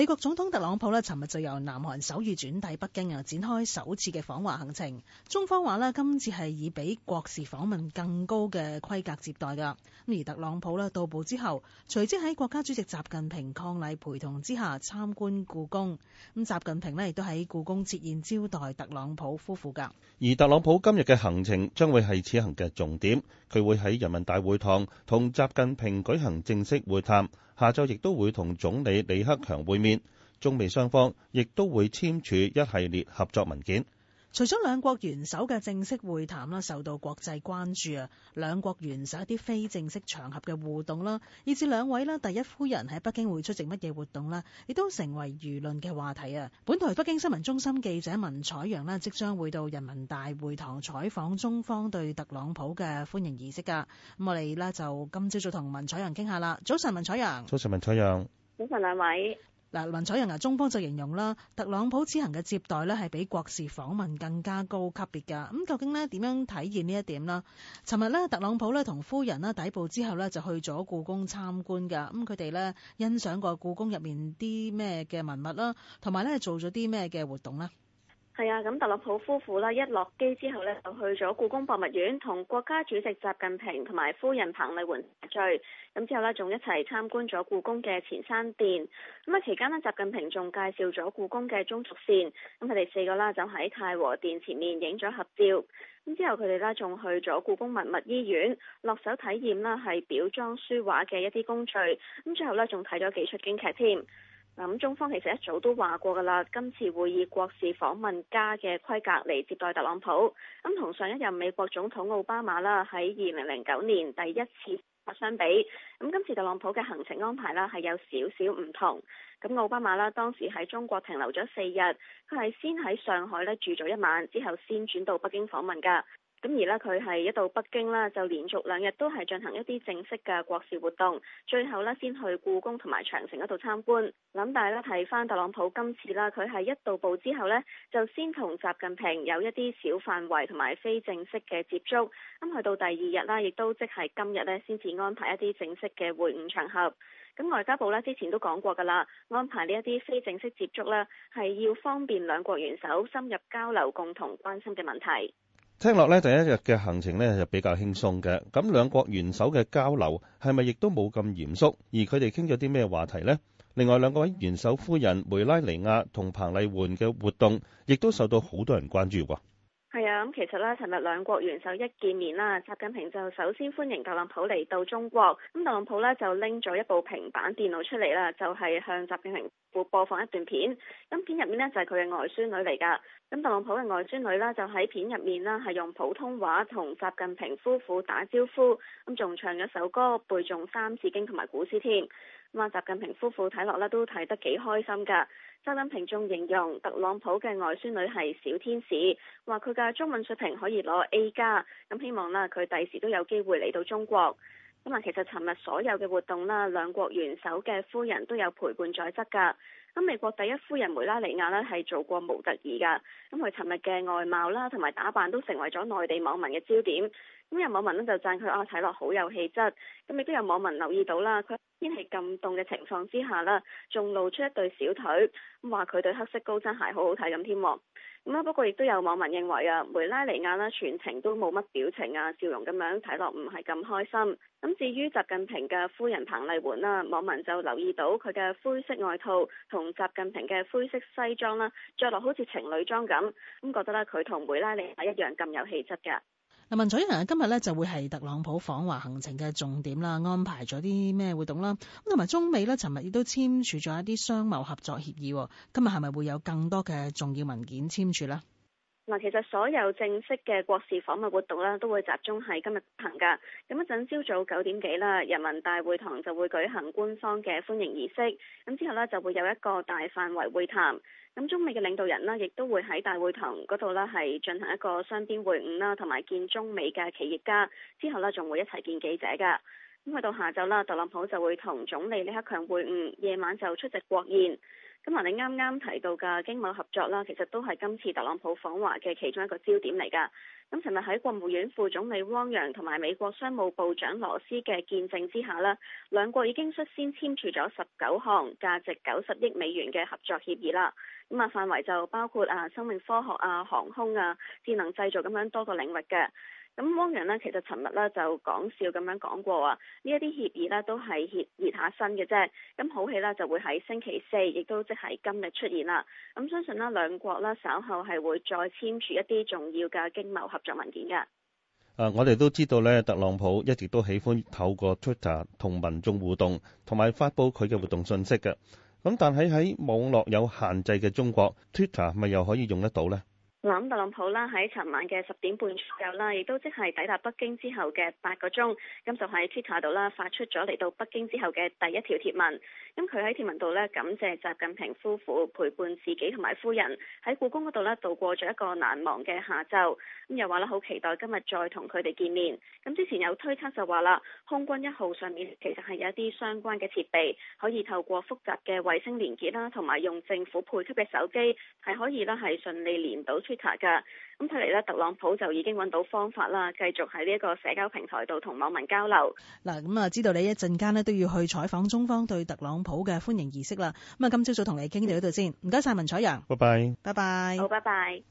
美國總統特朗普咧，尋日就由南韓首爾轉抵北京啊，展開首次嘅訪華行程。中方話咧，今次係以比國事訪問更高嘅規格接待噶。咁而特朗普咧到埗之後，隨即喺國家主席習近平伉儷陪同之下參觀故宮。咁習近平咧亦都喺故宮設宴招待特朗普夫婦噶。而特朗普今日嘅行程將會係此行嘅重點，佢會喺人民大會堂同習近平舉行正式會談。下晝亦都會同總理李克強會面，中美雙方亦都會簽署一系列合作文件。除咗兩國元首嘅正式會談啦，受到國際關注啊，兩國元首一啲非正式場合嘅互動啦，以至兩位啦第一夫人喺北京會出席乜嘢活動啦，亦都成為輿論嘅話題啊。本台北京新聞中心記者文采揚啦，即將會到人民大會堂採訪中方對特朗普嘅歡迎儀式噶。咁我哋咧就今朝早同文采揚傾下啦。早晨，文采揚。早晨，文采揚。早晨，兩位。嗱，文采揚啊，中方就形容啦，特朗普此行嘅接待咧係比國事訪問更加高級別噶。咁究竟咧點樣體現呢一點啦？尋日咧，特朗普咧同夫人呢抵步之後咧就去咗故宮參觀噶。咁佢哋咧欣賞過故宮入面啲咩嘅文物啦，同埋咧做咗啲咩嘅活動啦。係啊，咁特朗普夫婦呢，一落機之後呢，就去咗故宮博物院同國家主席習近平同埋夫人彭麗媛聚，咁之後呢，仲一齊參觀咗故宮嘅前三殿。咁啊期間呢，習近平仲介紹咗故宮嘅中軸線，咁佢哋四個啦就喺太和殿前面影咗合照。咁之後佢哋呢，仲去咗故宮文物，物醫院，落手體驗啦係裱裝書畫嘅一啲工序。咁最後呢，仲睇咗幾出京劇添。咁，中方其實一早都話過㗎啦，今次會以國事訪問加嘅規格嚟接待特朗普。咁同上一任美國總統奧巴馬啦，喺二零零九年第一次相比，咁今次特朗普嘅行程安排啦係有少少唔同。咁奧巴馬啦，當時喺中國停留咗四日，佢係先喺上海咧住咗一晚，之後先轉到北京訪問㗎。咁而咧，佢係一到北京啦，就連續兩日都係進行一啲正式嘅國事活動，最後咧先去故宮同埋長城嗰度參觀。咁但係咧，睇翻特朗普今次啦，佢係一到步之後咧，就先同習近平有一啲小範圍同埋非正式嘅接觸，咁去到第二日啦，亦都即係今日咧，先至安排一啲正式嘅會晤場合。咁外交部咧之前都講過㗎啦，安排呢一啲非正式接觸啦，係要方便兩國元首深入交流共同關心嘅問題。聽落咧，第一日嘅行程咧就比較輕鬆嘅。咁兩國元首嘅交流係咪亦都冇咁嚴肅？而佢哋傾咗啲咩話題呢？另外兩位元首夫人梅拉尼亞同彭麗媛嘅活動，亦都受到好多人關注喎。係啊，咁其實咧，琴日兩國元首一見面啦，習近平就首先歡迎特朗普嚟到中國。咁特朗普呢，就拎咗一部平板電腦出嚟啦，就係、是、向習近平夫播放一段片。咁片入面呢，就係佢嘅外孫女嚟㗎。咁特朗普嘅外孫女呢，就喺片入面啦，係用普通話同習近平夫婦打招呼，咁仲唱咗首歌，背誦《三字經》同埋古詩添。咁啊，習近平夫婦睇落呢，都睇得幾開心㗎。習近平仲形容特朗普嘅外孫女係小天使，話佢嘅中文水平可以攞 A 加，咁希望啦佢第時都有機會嚟到中國。咁啊，其實尋日所有嘅活動啦，兩國元首嘅夫人都有陪伴在側噶。咁美國第一夫人梅拉尼亞呢，係做過模特兒噶，咁佢尋日嘅外貌啦，同埋打扮都成為咗內地網民嘅焦點。咁有網民呢，就讚佢啊，睇落好有氣質。咁亦都有網民留意到啦，佢，天氣咁凍嘅情況之下呢仲露出一對小腿，咁話佢對黑色高踭鞋好好睇咁添。咁啊，不過亦都有網民認為啊，梅拉尼亞咧全程都冇乜表情啊，笑容咁樣睇落唔係咁開心。咁至於習近平嘅夫人彭麗媛啦，網民就留意到佢嘅灰色外套同習近平嘅灰色西裝啦，着落好似情侶裝咁，咁覺得呢，佢同梅拉尼亞一樣咁有氣質嘅。嗱，文采揚今日咧就會係特朗普訪華行程嘅重點啦，安排咗啲咩活動啦？咁同埋中美咧，尋日亦都簽署咗一啲商貿合作協議，今日係咪會有更多嘅重要文件簽署咧？嗱，其實所有正式嘅國事訪問活動呢，都會集中喺今日行㗎。咁一陣朝早九點幾啦，人民大會堂就會舉行官方嘅歡迎儀式。咁之後呢，就會有一個大範圍會談。咁中美嘅領導人呢，亦都會喺大會堂嗰度呢，係進行一個雙邊會晤啦，同埋見中美嘅企業家。之後呢，仲會一齊見記者㗎。咁去到下晝啦，特朗普就會同總理李克強會晤，夜晚就出席國宴。咁啊，你啱啱提到嘅經貿合作啦，其實都係今次特朗普訪華嘅其中一個焦點嚟㗎。咁尋日喺國務院副總理汪洋同埋美國商務部長羅斯嘅見證之下啦，兩國已經率先簽署咗十九項價值九十億美元嘅合作協議啦。咁啊，範圍就包括啊生命科學啊、航空啊、智能製造咁樣多個領域嘅。咁汪洋呢，其實尋日咧就講笑咁樣講過啊，呢一啲協議呢都係協熱下身嘅啫。咁好戲呢就會喺星期四，亦都即係今日出現啦。咁相信呢兩國呢，稍後係會再簽署一啲重要嘅經貿合作文件嘅。誒、啊，我哋都知道咧，特朗普一直都喜歡透過 Twitter 同民眾互動，同埋發佈佢嘅活動信息嘅。咁但係喺網絡有限制嘅中國，Twitter 係咪又可以用得到呢？我諗特朗普啦喺尋晚嘅十點半左右啦，亦都即係抵達北京之後嘅八個鐘，咁就喺 Twitter 度啦發出咗嚟到北京之後嘅第一條貼文。咁佢喺貼文度咧感謝習近平夫婦陪伴自己同埋夫人喺故宮嗰度咧度過咗一個難忘嘅下晝。咁又話咧好期待今日再同佢哋見面。咁之前有推測就話啦，空軍一號上面其實係有一啲相關嘅設備，可以透過複雜嘅衛星連結啦，同埋用政府配給嘅手機係可以咧係順利連到 Twitter 噶，咁睇嚟咧，特朗普就已經揾到方法啦，繼續喺呢一個社交平台度同網民交流。嗱、啊，咁、嗯、啊，知道你一陣間咧都要去採訪中方對特朗普嘅歡迎儀式啦。咁、嗯、啊，今朝早同你傾到呢度先，唔該晒文采揚。拜拜。拜拜。好，拜拜。